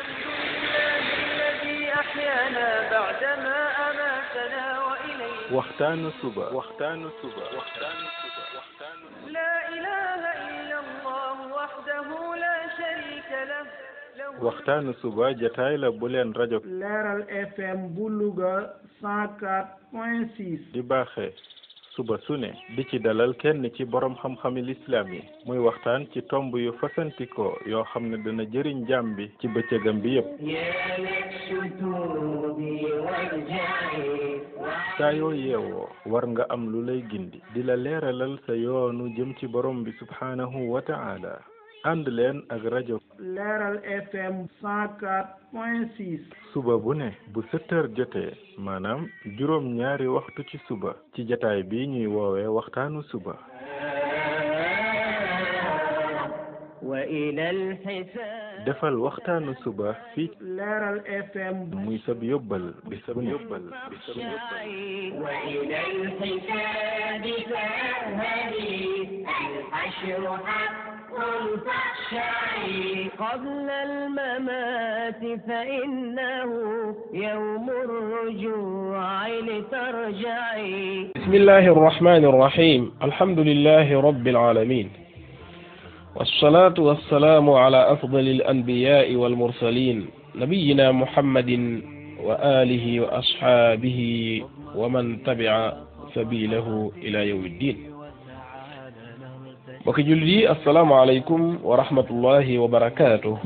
الحمد لله الذي أحيانا بعدما أماتنا وإليه وقتان الصبح وقتان الصبح وقتان الصبح لا إله إلا الله وحده لا شريك له waxtaanu suba jataay la bu leen rajo leeral fm bu Louga 104 point 6 di baaxee suba su ne di ci dalal kenn ci borom xam-xami lislaam yi muy waxtaan ci tomb yu fasantikoo yoo xam ne dana jëriñ jaam bi ci bëccëgam bi yépp saa yoo yeewoo war nga am lu lay gindi di la leeralal sa yoonu jëm ci borom bi subhaanahu wa ta'ala ànd leen ak rajo leeral fm cent suba bu ne bu sept jotee maanaam juróom ñaari waxtu ci suba ci jataay bi ñuy woowee waxtaanu suba wa ilal hisaab defal waxtaanu suba fii leeral fm muy sab yóbbal bi sab yóbbal bi sab yóbbal قبل الممات فإنه يوم الرجوع لترجعي بسم الله الرحمن الرحيم الحمد لله رب العالمين والصلاة والسلام على أفضل الأنبياء والمرسلين نبينا محمد وآله وأصحابه ومن تبع سبيله إلى يوم الدين mbokki jullit yi asalaamaaleykum wa rahmatullahi wa barakaatu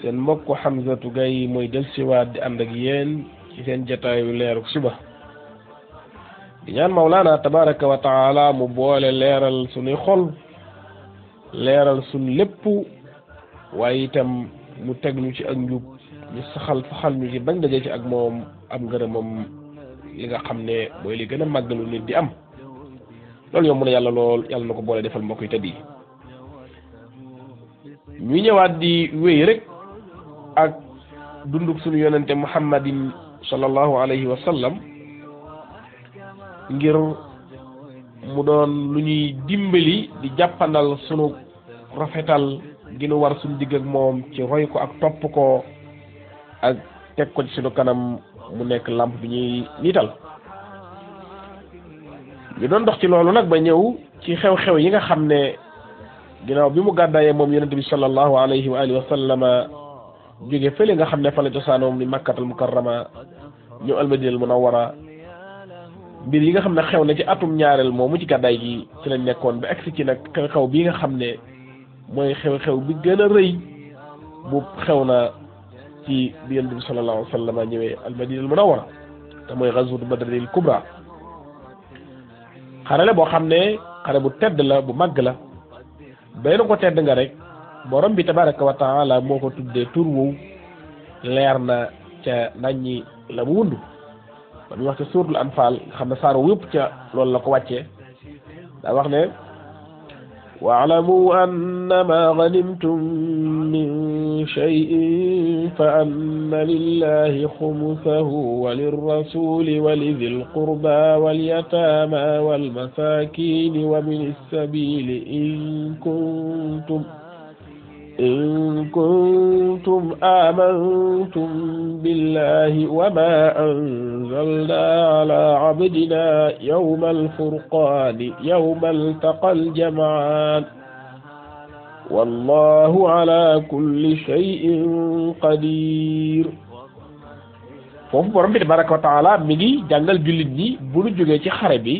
seen mbokk Hamzatou Gaye mooy del siwaat di ànd ak yéen ci seen jataayu leeruk siba di ñaan Mawlaana tabaraka wa taala mu boole leeral sunuy xol leeral sunu lépp waaye itam mu teglu ci ak njub ñu saxal saxal ñu ci bañ ci ak moom am ngërëmam li nga xam ne mooy li gën a màggalu nit di am loolu yomb na yàlla lool yàlla na ko boole defal mbokk yi tëdd yi ñu ñëwaat di wéy rek ak dundub suñu yonente muhammadin sallallahu alayhi wa sallam ngir mu doon lu ñuy dimbali di jàppandal suñu rafetal gi nu war suñu digg ak moom ci roy ko ak topp ko ak teg ko ci sunu kanam mu nekk làmp bi ñuy niital ñu doon ndox ci loolu nag ba ñëw ci xew-xew yi nga xam ne ginnaaw bi mu gàddaayee moom yonente bi sallallahu alayhi wa alihi wa sallama jóge fële nga xam ne fa la cosaanoom ni makkatal mukarrama ñëw almadinal munawwara mbir yi nga xam ne xew na ci atum ñaareel moomu ci gàddaay gi ci lañ nekkoon ba agsi ci nag xew bii nga xam ne mooy xew-xew bi gën a rëy bu xew na ci bi yonente bi sallallahu alayhi wa sallama ñëwee almadinal munawwara te mooy ghazwatu badril kubra xare la boo xam ne xare bu tedd la bu mag la bay na ko tedd nga rek boroom bi tabaraka wa taala moo ko tuddee tur wow leer na ca yi la mu wund ba muy wax ca suuratul anfaal nga xam ne saar wu ca loolu la ko wàccee daa wax ne واعلموا أنما غنمتم من شيء فأن لله خمسه وللرسول ولذي القربى واليتامى والمساكين وابن السبيل إن كنتم إن كنتم آمنتم بالله وما أنزلنا على عبدنا يوم الفرقان يوم التقى الجمعان والله على كل شيء قدير foofu borom bi tabaraka wa taala mi ngi jàngal jullit ñi bu ñu jógee ci xare bi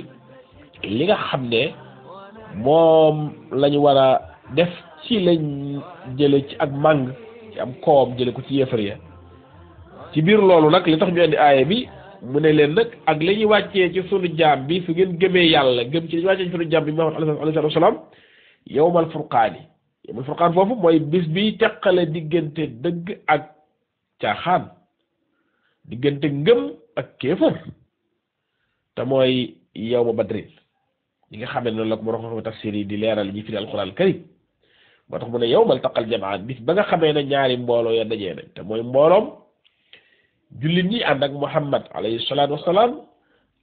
li nga xam ne moom lañu war a def ci lañ jële ci ak màng ci am koom jële ko ci yéefar ya ci biir loolu nag li tax ñu indi aaya bi mu ne leen nag ak li ñuy wàccee ci sunu jaam bi su ngeen gëmee yàlla gëm ci li ñuy wàccee ci sunu jaam bi Muhammad alayhi salaatu wa salaam yawmal furqaani yawmal furqaan foofu mooy bis bi teqale diggante dëgg ak caaxaan diggante ngëm ak kéefar te mooy yawma badrin li nga xam ne noonu la ko mu roxo tafsir yi di leeral ñi fi moo tax mu ne yawmal taqal jamaan bis ba nga xamee ne ñaari mbooloo ya dajee nañ te ñi ànd ak Muhammad alayhi salaatu wassalaam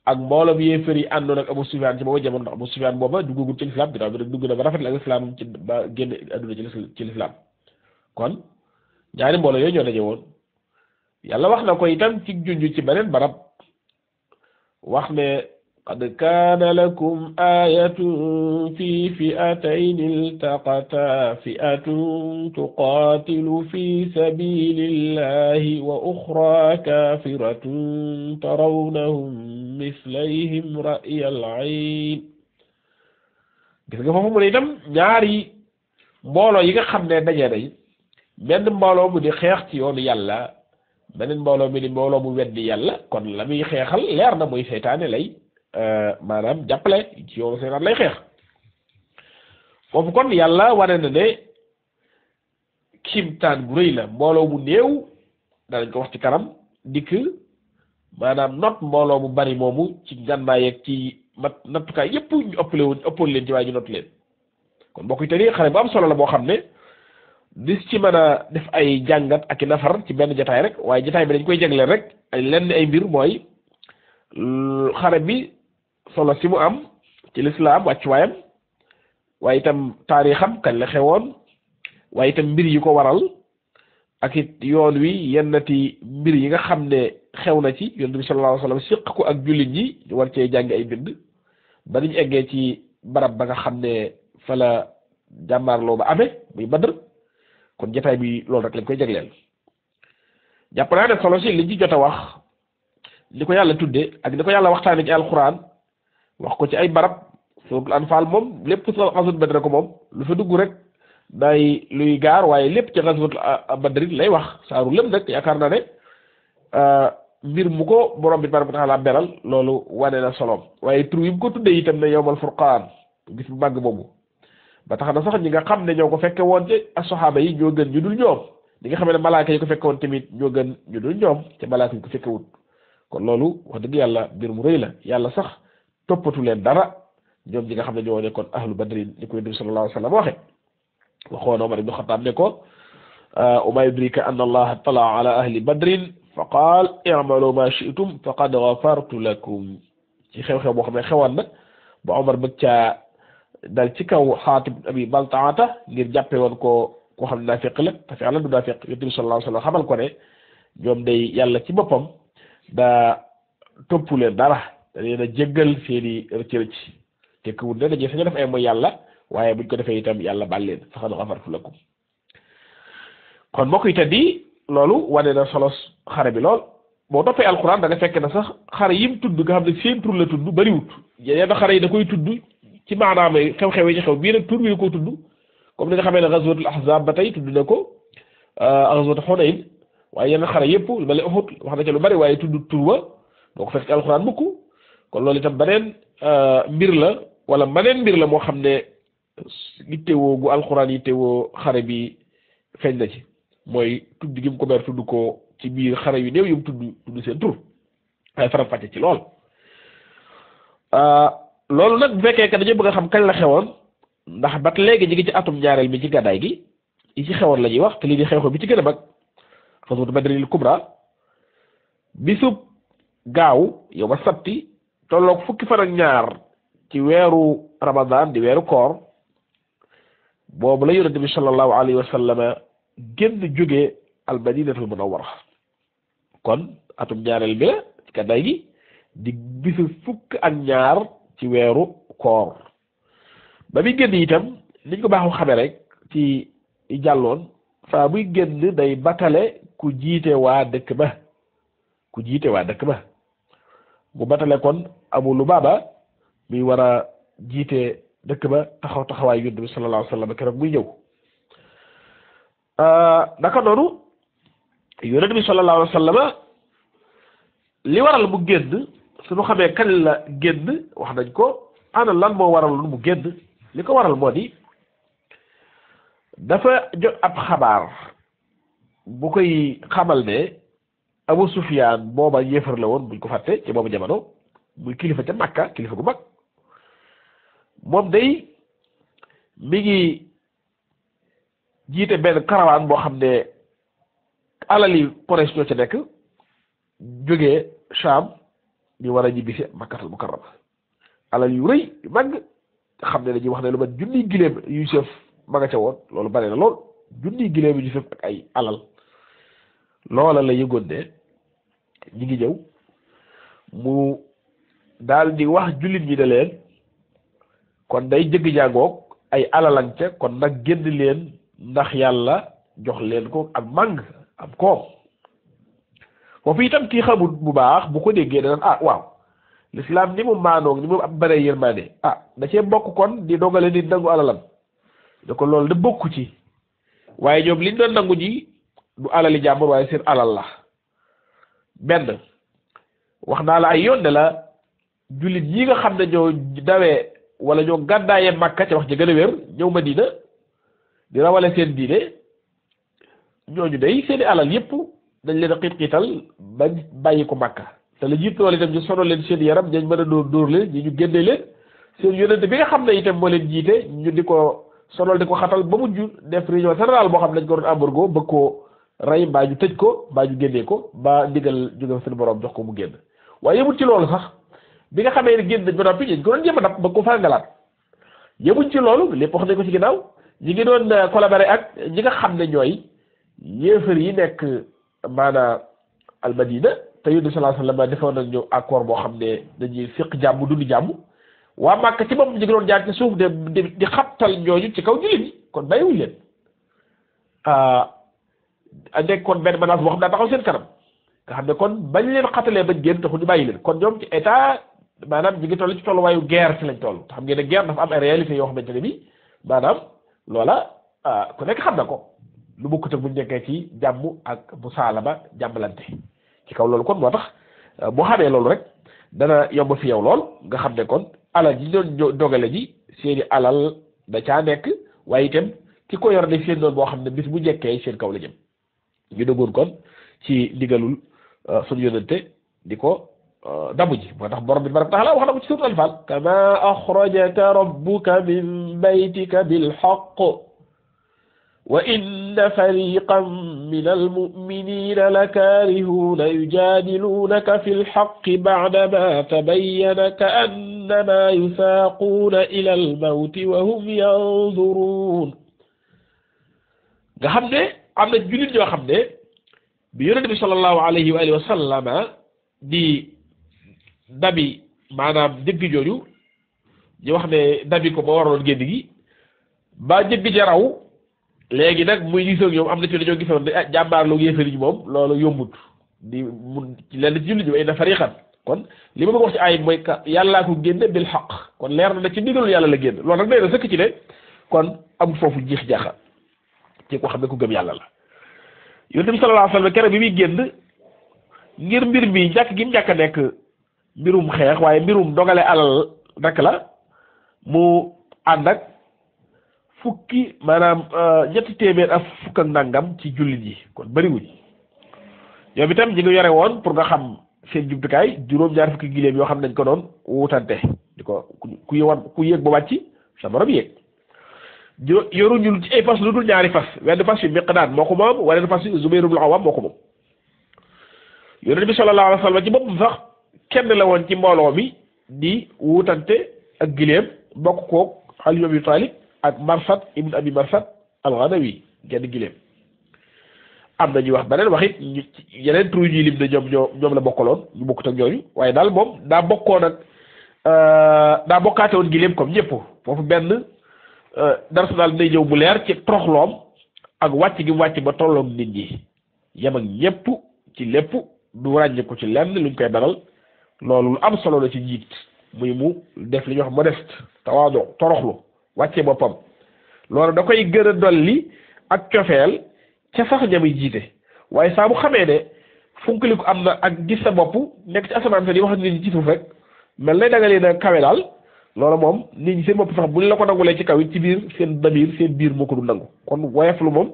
ak mbooloom yéefar yi àndoon ak Abu Sufyaan ci booba jamono ndax Abu Sufyaan booba duggagul ci lislaam ginnaaw bi nag dugg na ba rafet la ak lislaam ci ba génn àdduna ci lislaam kon ñaari mbooloo yooyu ñoo woon yàlla wax na ko itam ci junj ci beneen barab wax ne qad kaana lakum aayatun fii fi'atayni iltaqataa fi'atun tuqaatilu fii sabiilillaahi wa uxraa kaafiratun tarawnahum mislayhim ra'yal ayn gis nga foofu mu ne itam ñaari mbooloo yi nga xam ne daje nañ benn mbooloo mu di xeex ci yoonu yàlla beneen mbooloo mi di mbooloo mu weddi yàlla kon la muy xeexal leer na muy seytaane lay Euh, maanaam jàppale ci yoonu seytaan lay xeex foofu kon yàlla wane na ne kimtaan gu rëy la mbooloo mu néew danañ ko wax ci kanam dikk maanaam not mbooloo mu bari moomu ci ngànnaay yeek ci mat nattukaay yëpp ñu ëppale woon ëppal leen ci waaye ñu not leen kon mbokk yi te xare bu am solo la boo xam ne di ci mën a def ay jàngat ak i nafar ci benn jataay rek waaye jataay bi dañ koy jagleel rek ay lenn ay mbir mooy xare bi solo si mu am ci lislaam wàccuwaayam waaye itam taarixam kañ la xewoon waaye itam mbir yi ko waral ak it yoon wi yennati mbir yi nga xam ne xew na ci yonent bi sallallahu ko ak jullit ñi war cee jàngi ay bind ba eggee ci barab ba nga xam ne fa la jàmmaarloo ba amee muy Badr kon jotaay bi loolu rek lañ koy jagleel jàpp liñ ci jot a wax li ko yàlla tudde ak li ko yàlla waxtaane ci alxuraan wax ko ci ay barab suratul anfaal moom lépp xaswatul badr ko moom lu fa dugg rek day luy gaar waaye lépp ci xaswatul badr lay wax saaru lëm nag yaakaar naa ne euh, mbir mu ko borom bi tabaaraka taala beral loolu wane na soloom waaye tur yi mu ko tuddee itam ne yawmal furqaan bu màgg boobu ba tax na sax ñi nga xam ne ñoo ko fekke woon ci asxaaba yi ñoo gën ñu dul ñoom ñi nga xam ne malaaka yi ko fekke tamit ñoo gën ñu dul ñoom te malaaka yi ko fekke wut kon loolu wax dëgg yàlla mbir mu rëy la yàlla sax toppatu leen dara ñoom ñi nga xam ne ñoo nekkoon ahlu badrin ni ko yonent bi sallallahu alayhi waxe waxoon Omar ibn Khattab ne ko uma yudrika tala ala ahli badrin fa qaal i'malu ma shi'tum faqad ghafartu lakum ci xew-xew boo xam ne xewoon na ba Omar bëgg caa dal ci kaw Xaatib abi Baltaata ngir jàppe woon ko ko xam ne naafiq la parce que ala du naafiq bi sallallahu alayhi xamal ko ñoom day yàlla ci boppam daa toppu leen dara da leen a jéggal seeni rëcc rëcc tekkiwul ne dañuy sañ def ay mooy yàlla waaye buñ ko defee itam yàlla baal leen faqad ghafartu lakum kon mbokk yi teddi loolu wane na solos xare bi lool boo toppee alxuraan da nga fekk na sax xare yim tudd nga xam ne seen tur la tudd bariwut yenn xare yi da koy tudd ci maanaam xew-xew yi ci xew bii nag tur bi tudd comme ni nga xamee ne ghazwatul ahzab ba tey tudd na ko euh, ghazwat Hunayn waaye yenn xare yëpp lu mel ne Uhud wax na ca lu bari waaye tudd tur ba doo ko fekk ci mukk kon loolu itam beneen euh, mbir la wala beneen mbir la moo xam ne yittewoo gu alxuraan yittewoo xare bi feeñ na ci mooy tudd gi mu ko mer tudd ko ci biir xare yu néew yu mu tudd tudd seen tur ci lool euh, loolu nag bu fekkee que dañoo bëgg a xam kañ la xewoon ndax bat léegi ñu ngi ci atum ñaareel bi ci gàddaay gi yi ci xewoon la ñuy wax te lii di xew-xew bi ci gën a mag xasuwatu badril kubra bisub gaaw yow ma sabti tolloog fukki fan ak ñaar ci weeru ramadan di weeru koor boobu la yonent bi sallallahu alayhi wa sallam génn jóge al madinatul munawwara kon atum ñaareel bi ci gàddaay gi di bisu fukk ak ñaar ci weeru koor ba muy génn itam niñ ko baaxu xame rekk ci jàlloon saa buy génn day batale ku jiite waa dëkk ba ku jiite waa dëkk ba mu matale kon abu lubaaba mi war a jiite dëkk ba taxaw taxawaay yonent bi sallallahu alayhi wa sallam keroog muy ñëw ah, naka noonu yonent bi sallallahu alayhi wa sallam li waral mu génn suñu xamee kañ la génn wax nañ ko ana lan moo waral mu génn li ko waral moo di dafa jot ab xabaar bu koy xamal ne Abu Sufyaan booba yéefar la woon ñu ko fàtte ci boobu jamono muy kilifa ca Makka kilifa gu mag moom day mi ngi jiite benn karawaan boo xam ne alali Quraysh ñoo ca nekk jógee Sham ñu war a ñibbisi Makkatal Mukarrama alal yu rëy yu mag xam ne dañuy wax ne lu mat junniy gileem Yuusuf ma nga ca woon loolu bari na lool junniy gileem Yuusuf ak ay alal loola la yëgoon ne ñi ngi mu daal di wax jullit ñi de leen kon day jëgg jàngoog ay alalan ca kon nag génn leen ndax yàlla jox leen ko ak màng am koom foofu itam kii xamul bu baax bu ko déggee dana ah waaw l'islam ni mu maanoog ni mu am bare yërmande ah da cee bokk kon di dogale di nangu alalam da ko loolu da bokku ci waaye ñoom liñ doon nangu ji du alali jàmbur waaye seen alal la benn wax naa la ay yoon ne la jullit yi nga xam ne ñoo dawee wala ñoo gàddaaye Makka ca wax ji gën a wér ñëw Madina di rawale seen diine ñooñu day seeni alal yépp dañ leen a xiit xiital bañ bàyyi ko Makka te la jiit loolu itam ñu leen seen yaram dañ mën a dóor dóor leen ñu génne leen seen yonent bi nga xam ne itam moo leen jiite ñu di ko sonal di ko xatal ba mujj def réunion générale boo xam ne dañ ko doon embargo bëgg koo rey mbaa ñu tëj ko mbaa ju génnee ko ba ndigal jóge seen borom jox ko mu génn waaye yëmut ci loolu sax bi nga xamee ne génn dañ ba noppi dañ ko doon jéem a dab ko farangalaat yëmut ci loolu lépp wax nañ ko ci ginnaaw ñi ngi doon euh, collaborer ak ñi nga xam ne ñooy yéefar yi nekk maanaam almadina te yónni sallallahu alayhi wasallam defoon nañ ñu accord boo xam ne dañuy fiq jàmm dund jàmm waa Màkka ci boppam ñu ngi doon jaar ci suuf de di xattal ñooñu ci kaw jullit yi kon bàyyiwuñ leen euh, nekk kon benn menace boo xam daa taxaw seen kanam nga xam ne kon bañ leen xatalee bañ génn taxu ñu bàyyi leen kon ñoom ci état maanaam ñi ngi toll ci tolluwaayu guerre ci lañ toll te xam ngeen ne guerre dafa am ay ah, ku nekk xam na ko lu bokkut ak bu ñu nekkee ci ak bu saalama jàmbalante ci kaw loolu kon moo tax ah, boo xamee loolu rek dana yomb fi yow lool nga xam ne kon alal ji doon dogale ji seeni alal da caa nekk waaye itam ki ko yor de seen doon boo xam ne bis bu njekkee seen kaw la jëm ñu dëggoon kon ci ndigalul euh, suñu yonente di ko euh, dabu ji moo tax borom bi tabaraka taala wax na ko ci suuratul anfaal kama axrajaka rabbuka min baytika bil haqq wa inna fariqan min almuminina lakaarihuuna yujaadiluunaka fi lxaqqi ba'dama tabayyana ka annama yusaaquuna ila almawti wa hum yanzuruun nga xam ne am na jullit yoo xam ne bi yonent bi sallallahu alayhi wa alihi di dabi maanaam jëgg jooju ñu wax ne dabi ko ba waroon génn gi ba jëgg ja léegi nag muy gisoog ñoom am na ci dañoo gisoon ne ah jàmbaar lu yéefariñ moom loolu yombut di mun lenn ci jullit ñi ay na fariqan kon li ma bëgg wax ci ay mooy ka yàllaa ko génne bil xaq kon leer na ci ndigalul yàlla la génn loolu nag day na sëkk ci ne kon amul foofu jiix jaaxal ci wax ne ku gëm yàlla la yonent bi sallallahu alayhi wasallam kere bi muy génn ngir mbir mi jàkk gi mu jàkk nekk mbirum xeex waaye mbirum dogale alal rek la mu ànd ak fukki maanaam euh, ñetti téeméer ak fukk ak ndàngam ci jullit yi kon bariwuñ ñoom itam ñi ngi yore woon pour nga xam seen jumtukaay juróom-ñaar fukki giléem yoo xam nañ ko doon wutante ku ku yéeg ba wàcc sa borom yéeg yoruñul ci ay fas lu dul ñaari fas wenn fas yu Miqdaad moo ko moom waneen fas yu Zubayr ibn Awwam moo ko moom yonent bi sallallahu alayhi ci boppam sax kenn la woon ci mbooloo mi di wutante ak gileem bokk koog Ali ibn Abi Talib ak Marsad ibn Abi Marsad al-Ghanawi genn gileem am na ñuy wax beneen wax it yeneen tur ñuy lim ne ñoom ñoo ñoom la bokkaloon ñu bokkut ak ñooñu waaye daal moom daa bokkoon ak euh, daa bokkaate woon gileem comme ñëpp foofu benn Euh, darsu daal day jëw bu leer ci troxloom ak wàcc gi wàcc ba tolloog nit ñi yem ak ñépp ci lépp du ràññi ko ci lenn luñ koy daral loolu lu am solo la ci jiit muy mu def li ñuy wax modeste tawaado toroxlu wàcce boppam loolu da koy gën a dolli ak cofeel ca sax ñami jiite waaye saa bu xamee ne funkali ko am na ak gis sa bopp nekk ci asamaan sa di wax nit ñi ci suuf rek mel na da nga leen a kawe daal loolu moom nit ñi seen bopp sax bu ñu la ko nangulee ci kaw it ci biir seen damir seen biir moo ko du nangu kon woyef lu moom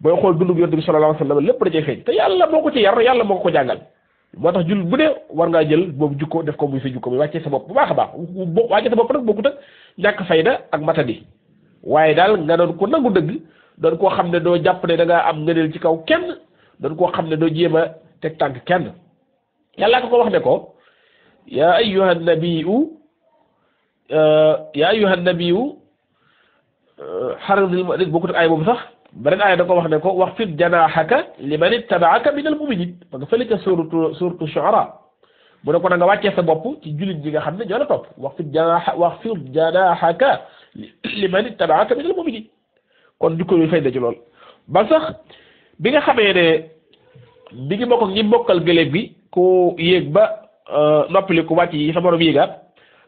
booy xool dund bi yonent bi sallallahu alayhi wa sallam lépp da cay feeñ te yàlla moo ko ci yar moo ko jàngal moo tax jul bu ne war ngaa jël boobu jukko def ko muy sa jukko muy wàccee sa bopp bu baax a baax wàccee sa bopp nag bokkut ak ñàkk fayda ak matadi waaye daal nga doon ko nangu dëgg dan koo xam ne doo jàpp ne da ngaa am ngëneel ci kaw kenn doon koo xam ne doo jéem a teg tànk kenn yàlla ko ko wax ne ko yaa ayyuhan nabiyyu yaa ayyuhan nabiyyu xaridil mu'minin bokkut ak aay boobu sax beneen aay da ko wax ne ko waxfid janaaxaka liman ittaba'aka minal mu'minin parce que fële ca suuratu suuratu mu ne ko da wàccee sa bopp ci jullit nga xam ne ñoo la topp waxfid janaaxa waxfid janaaxaka liman ittaba'aka kon jikko yu fay da lool ba sax bi nga xamee ne bi ngi bokk ak ñi bokkal gi ku yéeg ba noppali ku wàcc yi sa borom yéegaat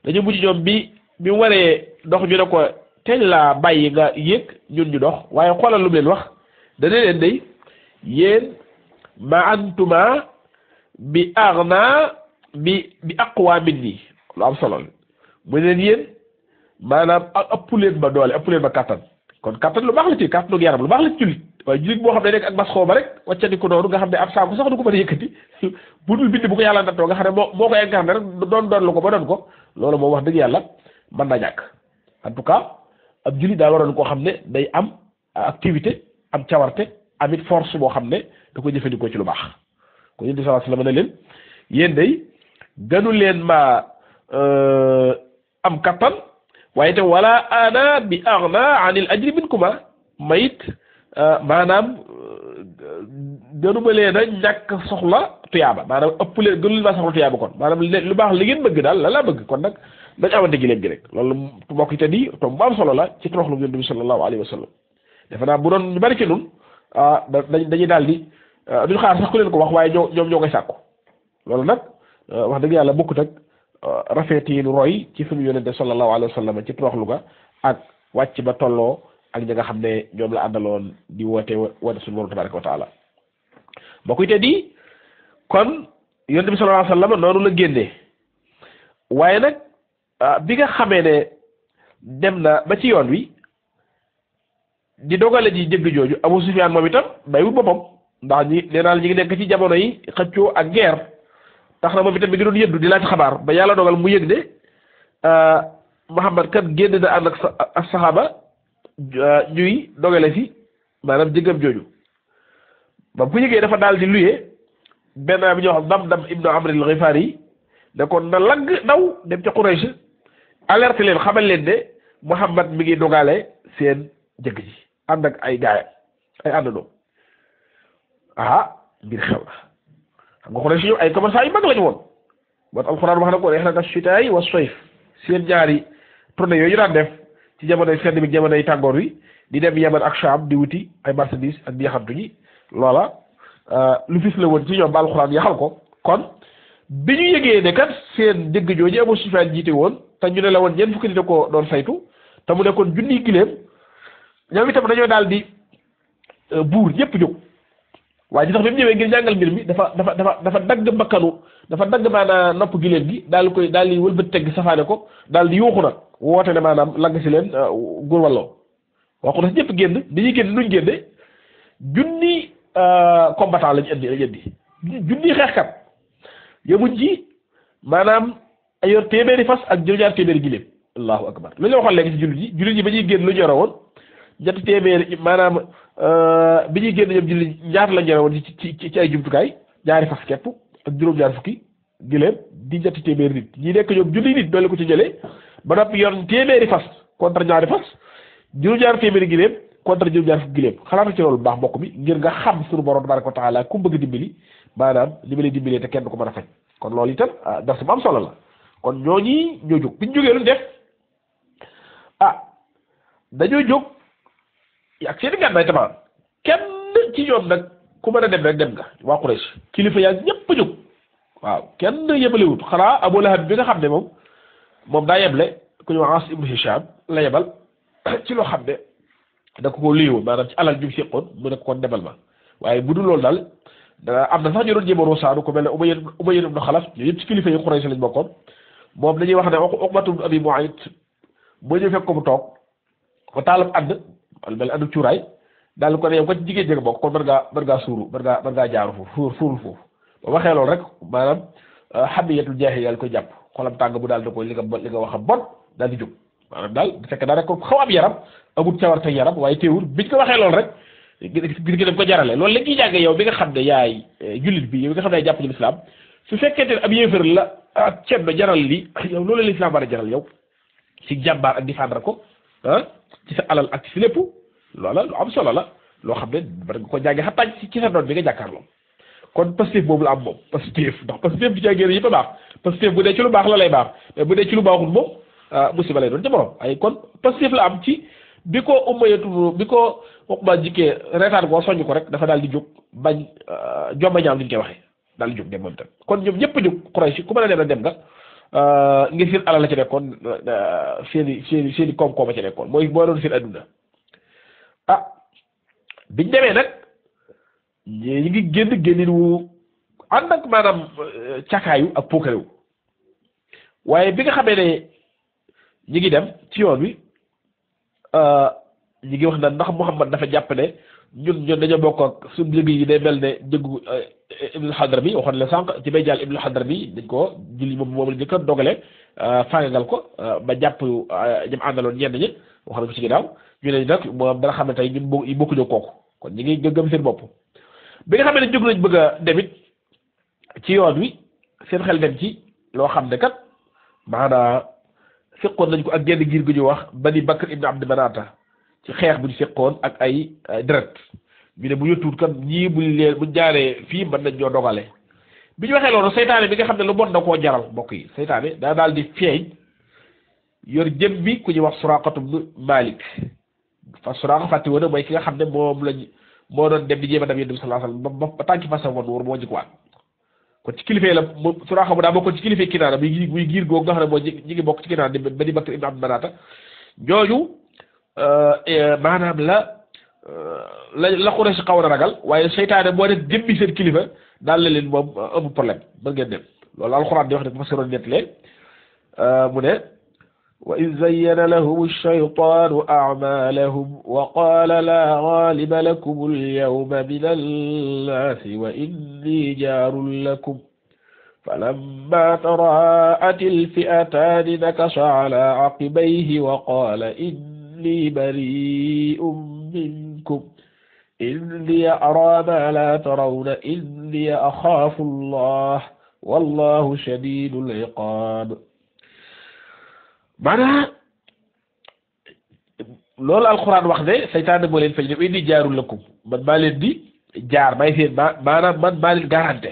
dañu mujj ñoom bi bi mu waree dox ñu ne ko teñ laa bàyyi nga yéeg ñun ñu dox waaye xoolal lu leen wax dana leen day yéen ma antuma bi agna bi bi aqwa minni lu am solo mu leen yéen maanaam ëpp leen ma doole lu baax la lu baax la ci jullit waaye jullit boo ba rek wàccandiku noonu nga xam ne ab saako sax du ko mën a yëkkati budul bind bu ko yàlla nattoo nga xam ne moo moo ko incarné rek doon doon lu ko ba doon ko loolu moo wax dëgg yàlla man naa ñàkk en tout cas ab jullit daal waroon koo xam ne day am activité am cawarte amit force boo xam ne da koy jëfandikoo ci lu baax ko yéen di sallallahu alayhi wasallam leen yéen day gënu ma euh, am kattan waaye te wala ana bi aghna anil ajri minkuma mayit euh, maanaam gënu ba a ñàkk soxla tuyaaba maanaam ëpp leen gënu ba soxla tuyaaba kon maanaam lu baax li ngeen bëgg daal la laa bëgg kon nag dañ amante gi leen gi rek loolu mbokk yi te di tom bu am solo la ci toroxlu Yonent bi sallallahu alayhi wa sallam defe naa bu doon ñu bari ci nun ah dañuy daal di ah, duñ xaar sax ku leen wax waaye ñoo ñoom ñoo koy sàkku loolu nag ah, wax dëgg yàlla bokkut ak yi ah, roy ci fi mu Yonent bi sallallahu alayhi wa sallam ci toroxlu ga ak wàcc ba tolloo ak ñi nga xam ne ñoom la àndaloon di woote woote suñu borom tabaraka wa taala mbokk yi te di kon yonent bi sallallahu alayhi wasallam noonu la génnee waaye nag ah, bi nga xamee ne dem na ba ci yoon wi di dogale ji jëgg jooju Abu Sufyaan moom itam baywul boppam ndax ñi nee naa la ñu ngi nekk ci jamono yi xëccoo ak guerre tax na moom itam mi ngi doon yëddu di laaj xabaar ba yàlla dogal mu yëg ne ah, Muhammad kat génn na ànd ak saxaaba Euh, ñuy dogale si maanaam jëggam jooju ba bu yëgee dafa daal di luyee benn bi ñoo xam dam dam ibnu amril xifaari ne kon na lagg daw dem ca Quraysh alerte leen xamal leen ne Muhammad mi ngi dogale seen jëgg ji ànd ak ay gaayam ay àndandoo ah ngir xew na xam nga Quraysh ñoom ay commerçant yu mag lañu woon ba alxuraan wax na ko rexlaka sitaay wa sayf seen ñaari tournée yooyu daan def ci jamonoy sedd bi jamonoy tàngoor wi di dem Yaman ak Sham di wuti ay marchandise ak di yaxantu ji loola euh, lu fis la woon ci ñoom ba alxuraan yaxal ko kon bi ñu yëgee ne kat seen dégg jooju Abu Sufyaan jiite woon te ñu ne la woon ñeent fukki nit a ko doon saytu te mu nekkoon junniy gileem ñoom itam dañoo daal di euh, buur ñëpp jóg waa ji tax bi mu ñëwee ngir jàngal mbir mi dafa dafa dafa dafa dagg bakkanu dafa dagg maanaam nopp giléem gi daal di koy daal di wëlbati tegg safaane ko daal di yuuxu nag woote ne maanaam lagg si leen euh, góor walloo waxu na si ñëpp génn dañuy génn nuñ génne junni euh, combattant lañu indi lañu indi junni xeexkat yemuñ ci maanaam ay yor téeméeri fas ak juróom-ñaar téeméeri giléem allahu akbar lu ñu waxoon léegi si jullit yi jullit yi ba ñuy génn lu ñu yore woon ñetti téeméer maanaam euh, bi ñuy génn ñoom julli ñaar la ñore woon ci ci ci ay jumtukaay ñaari fas kepp ak juróom-ñaar fukki giléem di ñetti téeméeri nit ñi nekk ñoom junni nit doole ko ci jëlee ba noppi yoon téeméeri fas contre ñaari fas juróom-ñaar téeméeri giléem contre juróom-ñaar fukki giléem xalaatu ci loolu baax mbokk mi ngir nga xam suñu borom tabaaraka ko taala ku bëgg dimbali maanaam li ma lay dimbalee te kenn du ko mën a faj kon tam itam ah, dars bu am solo la kon ñooñi ñoo jóg bi ñu jógee lu def ah ak seen i gànnaay tamit kenn ci ñoom nag ku mën a dem rek dem nga waa Quraysh kilifa yaa ñëpp a waaw kenn yebalewut xanaa Abu Lahab bi nga xam ne moom moom daa yeble ku ñu wax Ibnu Hisham la yebal ci loo xam ne da ko ko luyoo ci alal ju mu ko kon ma waaye bu dul loolu daal da am na sax ñu doon jéem a roosaanu ku mel ne Umayya Umayya ibn Xalaf yooyu yëpp kilifa yi Quraysh lañ bokkoon moom dañuy wax ne Uqbatu ibn Abi Mu'ayt boo ñëw fekk ko mu toog ba taalab ànd wala mel adu cuuraay daal ko ne yow ko ci jigéen jëkk bokk kon bar ngaa bar ngaa suuru bar ngaa bar ngaa jaaru foofu suurul foofu waxee loolu rek maanaam euh, jàpp xolam tàng bu daal da koy li nga li nga wax a bon daal di ko xaw am yaram amul cawarte yaram waaye ko waxee loolu rek gis nga daf ko jarale loolu la ñuy jàngee bi nga xam ne yaay euh, jullit bi yow bi nga xam ne yaay jàpp ci lislaam su fekkee te ab yéefar la ak ceeb jaral li yow loolu la lislaam war a jaral yow si jàmbaar ak défendre ko ah ci sa alal ak ci lépp loola lu am solo la loo xam ne mën nga ko jàngee xataa ci sa noon bi nga jàkkaarloo kon positif boobu la am moom positif ndax positif du jàngee yëpp a baax positif bu dee ci lu baax la lay baax mais bu dee ci lu baaxul moom ah musiba lay doon ca borom ay kon positif la am ci bi ko umayatu bi ko waxuma jikkee reetaan ko soññ ko rek dafa daal di jóg bañ ah, jomba ñaam li ñu koy waxee daal di jóg dem moom tam kon ñoom ñëpp jóg Quraysh ku mën a dem na dem nga Euh, ngir seen alal la ci nekkoon euh, seen i seen i seen i a ci nekkoon mooy moo doon seen adduna ah biñ demee nag ñi ngi génn génnin wu ànd ak maanaam euh, cakaayu ak puukarewu waaye bi nga xamee ne ñu ngi dem ci yoon wi ñu ngi wax na ndax Muhammad dafa jàppale ñun ñun dañoo bokk ak suñu jëgg yi day mel ne jëggu euh, ibnu xadar bi waxoon la sànq ci bay jaal ibnu xadar bi dañ ko julli moom moom la njëkk a dogale euh, faagagal ko euh, ba jàpp ñam àndaloon ñenn ñi waxoon ko ci ginnaaw ñu ne nag moom xam ne tey ñun bokkuñu kooku kon ñu ngi gëm seen bopp bi nga xam ne jóg nañ bëgg a demit ci yoon wi seen xel dem ci loo xam ne kat nañ ko ak genn giir gu ñu wax bani Bakr ibnu Abdi ci xeex bu ñu seqoon ak ay deret bi ne bu ñu tuut ñii bu ñu leen bu ñu jaaree fii mën nañ ñoo dogale bi ñu waxee loolu seytaane bi nga xam ne lu bon da koo jaral mbokk yi seytaane daa daal di feeñ yor jëm bi ku ñuy wax Suraqatu Malik fa Suraqa fàtte woon mooy ki nga xam ne moom lañ moo doon dem di jéem a dem yéen sallallahu alayhi wasallam ba tànki fas woon wóor kon ci kilifee la moom Suraaqa bu daa bokkoon ci kilifee Kinaana muy muy giir googu nga xam ne moo ñi ngi bokk ci Kinaana di Bani Bakr ibn Abd Manaata ñooñu Euh, euh, maanaam la euh, la la Quraysh xaw a ragal waaye seytaane boo def jëmmi seen kilifa daal la leen moom amul problème mën ngeen dem loolu alxuraan di wax ne bu ma si doon nettalee mu ne wa iz zayyana lahum ash-shaytaanu a'maalahum wa qaala laa ghaaliba lakum al-yawma mina an-naasi wa innii jaarun lakum falammaa taraa'ati al-fi'ataani nakasa alaa aqibayhi wa qaala inni إني بريء منكم إني أرى ما لا ترون إني أخاف الله والله شديد العقاب maanaam loolu alxuraan wax de seytaane moo leen fay ñoom indi jaarul lëkkum man maa leen di jaar may seen maanaam man maa leen garanté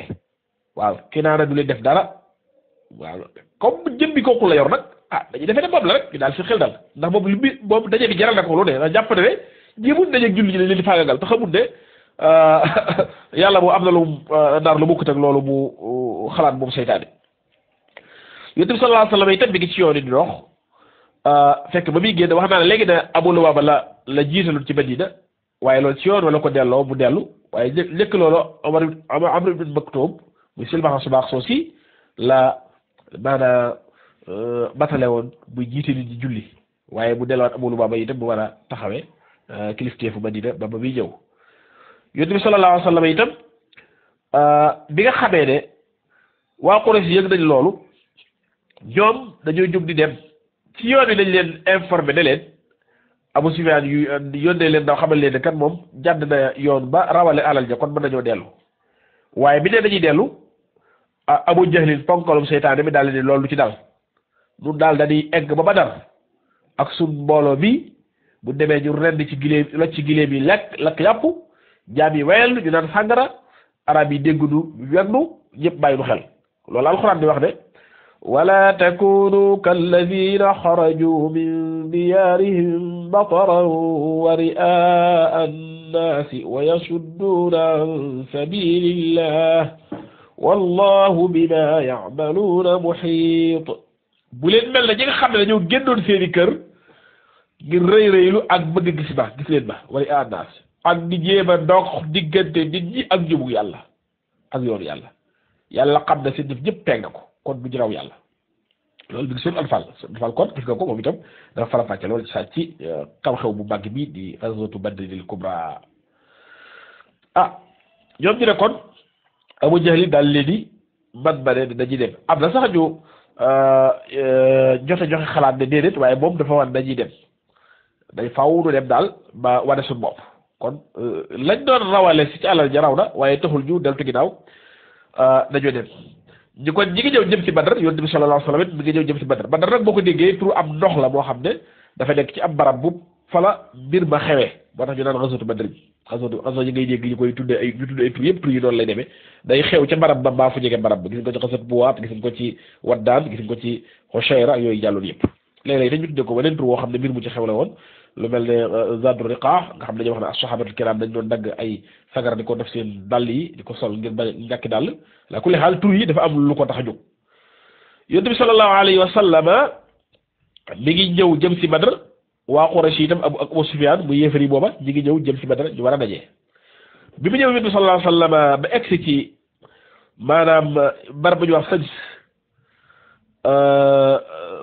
waaw kinaana du leen def dara waaw comme jëmbi kooku la yor nag ah dañuy defee ne boobu la rek ñu daal si xel daal ndax boobu li bi boobu daje bi jaral na ko lu ne ndax jàpp ne jéemuñ dajeeg julli ji lañ leen di euh, yàlla boo am na lu euh, naar lu bokkut ak loolu mu euh, xalaat moom seytaane yonent bi sallallahu alayhi ci yoon yi di dox fekk ba muy génn wax naa ne léegi na Abu Lubaaba la la jiitalul ci Madina waaye loolu ci yoon wala ko delloo bu dellu waaye njëkk loolu Omar Amr ibn Maktoum muy silmaxa su baax soosi la maanaam Euh, batale woon buy jiite nit ñi julli waaye bu delluwaat amulu baaba itam bu war a taxawee euh, kilifteefu Madina ba ba muy ñëw yonent bi sallallahu alayhi wa sallam itam euh, bi nga xamee ne waa Quraysh yëg nañ loolu ñoom dañoo jub di dem ci yoon wi lañ leen informé ne leen Abu Sufyaan yu yónnee leen daw xamal leen ne kan moom jàdd na yoon ba rawale alal ja kon mën nañoo dellu waaye bi ne dañuy dellu Abu Jahlin ponkalum seytaane mi daal ne loolu lu ci dal du daal dañuy egg ba badar ak suñ mbooloo bi bu demee ñu rend ci giléem la ci giléem yi lekk lakk yàpp jaam yi wayal ñu naan sàngara arab yi xel loolu alxuraan wax de wala takunu kalladina xaraju min diyaarihim bataran wa riaa annaasi an sabilillah wallahu bima yacmaluuna muxiit bu leen mel na ñi nga xam ne dañoo génnoon seeni kër ngir rëy rëylu ak bëgg gis ba gis leen ba wala annaas ak di jéem a ndox diggante nit ñi ak njëbu yàlla ak yoonu yàlla yàlla xam na seen jëf ñëpp peeg na ko kon du ñu raw yàlla loolu bi ngi seen alfal seen alfal kon gis nga ko moom itam dafa faramfàcce loolu sa ci euh, xew-xew bu màgg bi di ghazwatu badril kubra ah ñoom ñu ne kon Abu Jahli daal leen di man ma ne dañuy dem am na sax ñu Euh, euh, jote joxe xalaat ne déedéet waaye moom dafa war dañuy dem day faaw du dem daal ba wane suñu bopp kon euh, lañ doon rawale si ci alal ja raw na waaye taxul ñu deltu ginnaaw dañoo dem ñu kon ñi ngi ñëw jëm ci Badar yonent bi sallallahu alayhi wasallam mi ngi ñëw jëm ci Badar Badar boo ko déggee pour am ndox la boo xam ne dafa nekk ci ab barab bu fala mbir ma xewee boo tax ñu naan rasatu Badar bi xasootu xasoo yi ngay dégg ñu koy tuddee ay ñu tuddee ay tur yi doon lay demee day xew ca barab ba baa fu jege barab ba gis ko ci xasat buwaat gis nga ko ci waddaan gis nga ko ci ko beneen tur woo xam ne mbir mu ci xew la woon lu mel ne euh, zadru riqa nga xam ne dañoo doon dagg ay sagar di ko def seen dàll yi di ko sol ngir ba ñàkki dàll la ku li xaal tur yi dafa am lu ko tax a jóg yonent bi sallallahu alayhi wa sallama mi ngi ñëw jëm badr waa Quraysh itam ak Abu Sufyaan bu yéefari booba ji ñëw jëm si Badar ñu war a daje bi mu ñëw yonent bi sallallahu alayhi ba egsi ci maanaam euh, barab bu ñu wax sëj euh,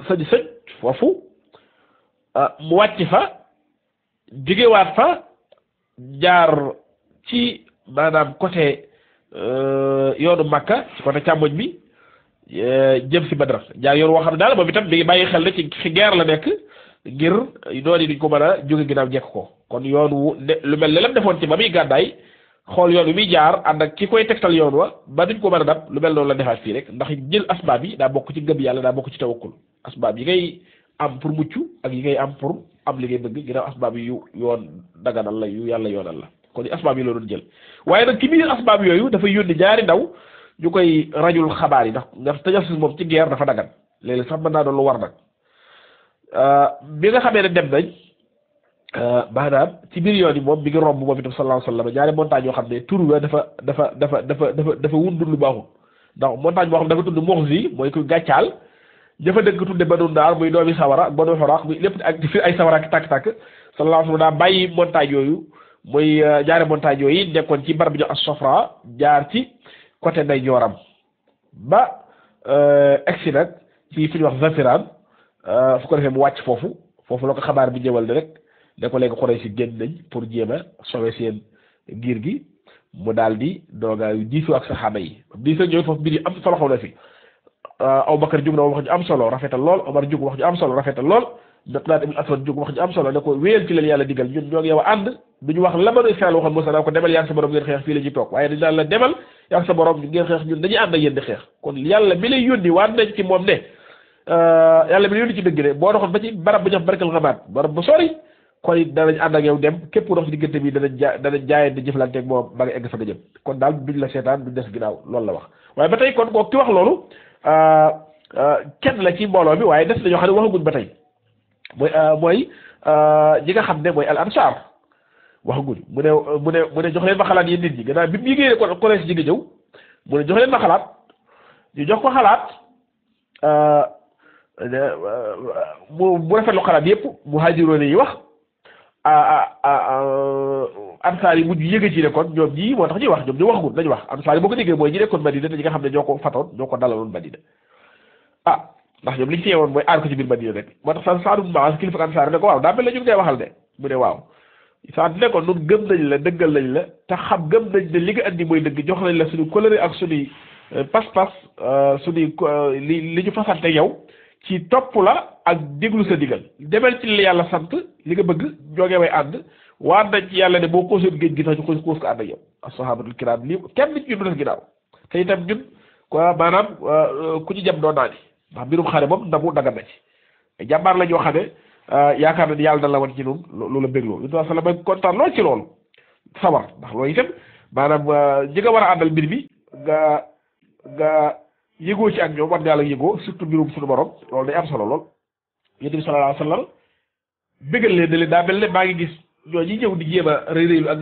sëj sëj foofu euh, mu wàcc fa jógewaat fa jaar ci maanaam côté yoonu Makka ci côté càmmoñ bi jëm ci Badar jaar yoon woo xam ne daal moom itam mi ngi bàyyi xel ne ci guerre la nekk ngir noon yi duñ ko man a jóge ginnaaw jekk ko kon yoon wu lu mel ne lam defoon ci ba muy gàddaay xool yoon wi muy jaar ànd ak ki koy tegtal yoon wa ba duñ ko mën a dab lu mel noonu la defaat fii rek ndax jël asbaab yi daa bokk ci ngëm yàlla bokk ci tawakkul asbaab yi ngay am pour mucc ak yi ngay am pour am li ngay bëgg ginnaaw asbaab yi yu yoon daganal la yu yàlla yoonal la kon asbaab yi la doon jël waaye nag ci biir asbaab yooyu dafay yónni ñaari ndaw ñu koy rajul xabaar yi ndax ndax tajassus moom ci geer dafa dagan léeg-léeg sax mën naa doon lu war nag Euh, bi nga xamee ne dem nañ euh, maanaam ci biir yoon yi moom bi ngi romb moom itam sallallahu alayhi wasallam ñaari montagne yoo xam ne tur ba dafa dafa dafa dafa dafa dafa wundul lu baaxul ndax boo xam ne dafa tudd Muxzi mooy ku gàccaal dafa dëkk tudde Banu Naar muy doomi sawara Banu Xuraax muy lépp ak fi ay sawara ak tàkk-tàkk sallallahu alayhi wasallam daa bàyyi montagne yooyu muy euh, ñaari montagne yooyu nekkoon ci barab bi ñu jaar ci côté nday jooram ba egsi nag ci fi ñu wax Zafiran Euh, fu ko defee mu wàcc foofu foofu la ko xabaar bi jëwal rek ne ko léegi xoree si génn nañ pour jéem a sauver seen giir gi mu daal di dooga diisoo ak saxaaba yi diisoo ñëw foofu mbir yi am solo xaw na fi euh, Abubakar jug na wax ju am solo rafetal lool Omar jug wax ju am wax ju am solo ne ko wéyal ci leen yàlla digal ñun ñoo ngi yow ànd du ñu wax la Banu Israayil waxoon Muusaa naa ko demal yaa sa borom ngeen xeex fii la toog waaye dañ daan la demal yaa sa borom di xeex moom ne Euh, yàlla bi yoonu ci dëgg de boo doxoon ba ci barab bu ñu wax barkal xabaat barab bu sori kon it danañ ànd ak yow dem képp ku dox ci diggante bi danañ ja danañ jaayee di jëflanteeg moom ba nga egg fa nga jëm kon daal duñ la seetaan duñ des ginnaaw loolu la wax waaye ba tey kon kooku ki wax loolu euh, euh, kenn la ci mbooloo bi waaye des na ñoo xam ne waxaguñ ba tey mooy mooy ñi nga xam ne mooy al ansar waxaguñ mu ne mu ne mu ne jox leen ma xalaat yéen nit ñi gannaaw bi mu yëgee ne ji nga ñëw mu ne jox leen ma xalaat ñu jox ko bu rafetlu xalaat yëpp muhaajiroon yi wax ansaar yi mujj yëge ci ne kon ñoom ñii moo tax ñuy wax ñoom ñu waxagul nañu wax ansaar yi boo ko déggee mooy ñi nekkoon Madina te ñi nga xam ne ñoo ko fatoon ñoo ko dalaloon Madina ah ndax ñoom li ñu ci yeewoon mooy aar ko ci biir Madina rek moo tax sa saanum maas kilifa ansaar ne ko waaw daa mel la ñu waxal de mu ne waaw saa ne ko nun gëm nañ la dëggal nañ la te xam gëm nañ ne li nga andi mooy dëgg jox nañ la suñu colère ak suñuy euh, pas-pas euh, suñuy li li ñu fasante yow ci topp la ak déglu sa digal demal ci li yàlla sant li nga bëgg joge way ànd waar nañ ci yàlla ne boo koosoon géej gi sax ñu ko koos ko euh, ku ci jëm doon naa ni ndax mbirum xare moom ndamu daga na ci jàmbaar la ñoo xam ne euh, yaakaar na ni yàlla la wan ci noonu loolu la bëgg loolu ndax loolu itam maanaam euh, ñi war a àndal mbir bi nga nga yëgoo ci ak ñoom war yàlla yëgoo surtout mbirum suñu borom loolu day am solo lool yonent bi sallallahu alayhi wasallam bëggal daa mel maa ngi gis ñoo ñi ñëw di jéem a rëy rëylu ak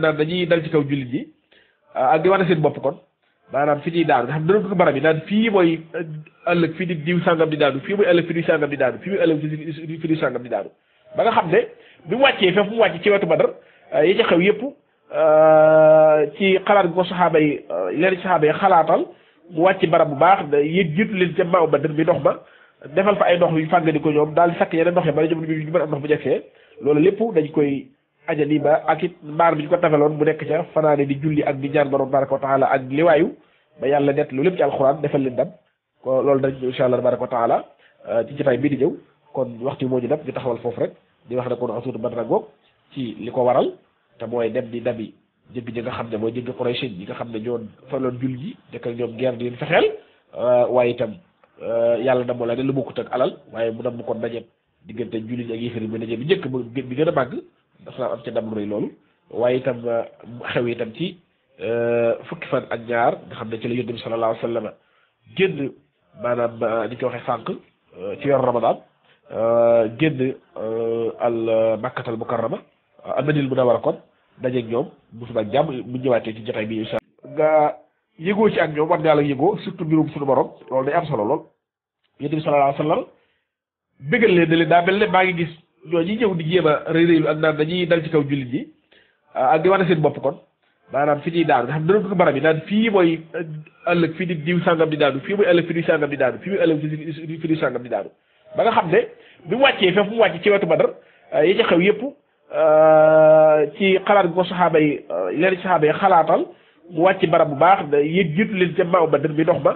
dal ci kaw jullit yi ah, ak di seen bopp kon maanaam fi ñuy daanu nga xam ne dana dugg barab yi naan fii mooy eh, ëllëg fi di diw sàngam di fi di sàngam di daanu fii mooy ëllëg fi di sàngam di ba nga xam ne bi mu wàccee fee ci wetu Badar eh, yi ca xew yëpp eh, ci xalaat bi ko saxaaba leen saxaaba xalaatal mu wàcc barab bu baax da yéeg jiitu leen ca maaw ba dër bi ndox ma defal fa ay ndox yu fàggandi ko ñoom daal di sakk yeneen ndox ya bari jamono bi ñu mën am ndox bu jegsee loolu lépp dañ koy ajani ba ak it mbaar bi ñu ko tafaloon bu nekk ca fanaane di julli ak di ñaan borom tabaraka wa taala ak liwaayu ba yàlla nett lu lépp ci alxuraan defal leen dam ko loolu dañ ñëw incha allah tabaraka wa taala euh, ci jotaay bii di ñëw kon waxtu moo ñu dab ñu taxawal foofu rek di wax ne kon asuutu badra goog ci li ko waral te mooy dem di dabi jëgg ñi nga xam ne mooy jëgg Quraysh ñi nga xam ne ñoo faloon jul ji nekk ak ñoom guerre di leen fexeel euh, waaye itam euh, yàlla damoo la ne lu bokkut ak alal waaye mu dam ko daje diggante jullit ak yéefar yi mu daje bi njëkk bi gën a màgg dafa am ca ndam lu rëy loolu waaye itam euh, xew itam ci fukki fan ak ñaar xam ne ci la yonent bi sallallahu alayhi wa sallam génn maanaam ni ko waxee sànq ci yor Ramadan génn al makkatal mukarrama al madinatul munawwara kon dajeeg ñoom bu subaa jàmm bu ñëwaatee ci jotaay bi incha nga yëgoo ci ak ñoom war naa surtout mbirum suñu borom loolu day am solo lool yonent bi sallallahu alayhi wa sallam ne leen daa maa ngi gis ñooñu ñëw di jéem a rëy rëylu ak naan dañuy dal ci kaw jullit yi ah, ak di wane seen bopp kon maanaam fi ñuy daanu nga xam ne dana dugg barab yi naan fii mooy eh, ëllëg fi di diw sàngam di daanu fii mooy ëllëg fi di sàngam di daanu fii mooy ëllëg ba nga xam ne bi wàccee fee fu mu wàcce ci wetu Badar ah, yi ca xew yëpp Euh, ci xalaat bu ko saxaaba yi leen euh, saxaaba yi xalaatal mu wàcc barab bu baax da yëg jiitu leen ca maaw ba dër bi dox ba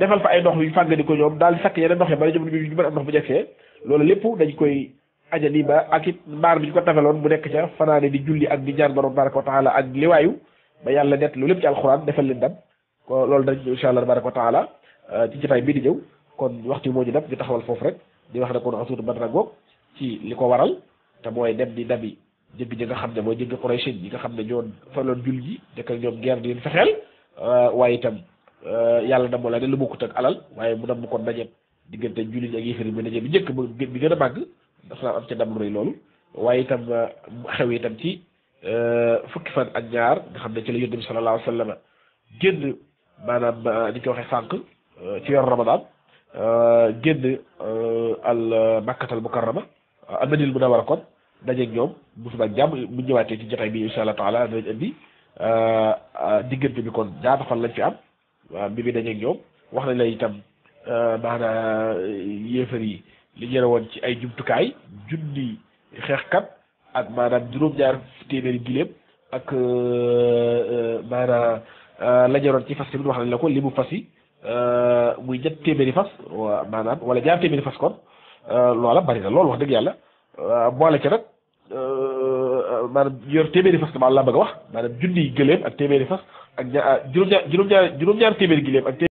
defal fa ay ndox yu fàggadi ko ñoom daal di sakk yeneen ndox ya bala jëm bi ndox bu jegsee loolu lépp dañ koy ajani ba ak it mbaar bi ñu ko tafaloon bu nekk ca fanaane di julli ak di ñaan borom tabaraka wa taala ak liwaayu ba yàlla net lu lépp ci alxuraan defal leen dam ko loolu dañ ñëw incha allah tabaraka wa taala euh, ci jotaay bii di ñëw kon waxtu moo ñu dab ñu taxawal foofu rek di wax ne kon asuutu badra goog ci li ko waral te mooy dem di dabi jëgg ñi nga xam ne mooy jëgg Quraysh ñi nga xam ne ñoo faloon jul ji nekk ak ñoom guerre di leen fexeel euh, waaye itam euh, yàlla damoo la ne lu bokkut alal waaye mu dem ko daje diggante jullit ak yéefar yi mu daje bi njëkk bi gën a màgg dafa am ca ndam lu rëy loolu waaye itam euh, xew itam ci fukki fan ak ñaar nga xam ne ci la yonent bi sallallahu alayhi wa sallam génn maanaam ni ko waxee sànq ci weeru Ramadan génn al Makkatal Mukarrama Madinatul Munawwara kon dajeeg ñoom bu subaa jàmm bu ñëwaatee ci jotaay bi incha allah taala danañ andi euh, euh, diggante bi kon ñaata fan lañ fi am bi bi dajeeg ñoom wax nañ la itam euh, maanaa yéefar yi li ñu woon ci ay jumtukaay junni xeexkat ak maanaam juróom-ñaar téeméeri gileem ak maanaa la ñu ci fas tamit wax nañ la ko li mu fas yi muy ñett téeméeri fas maanaam wala ñaar téeméeri fas kon. Euh, loola bari na loolu wax dëgg yàlla euh, boole ci nag euh, maanaam yor téeméeri fas damaa la bëgg a wax maanaam junniy gëléem ak téeméeri fas ak ña juróom-ñaar juróom-ñaar téeméeri gëléem ak.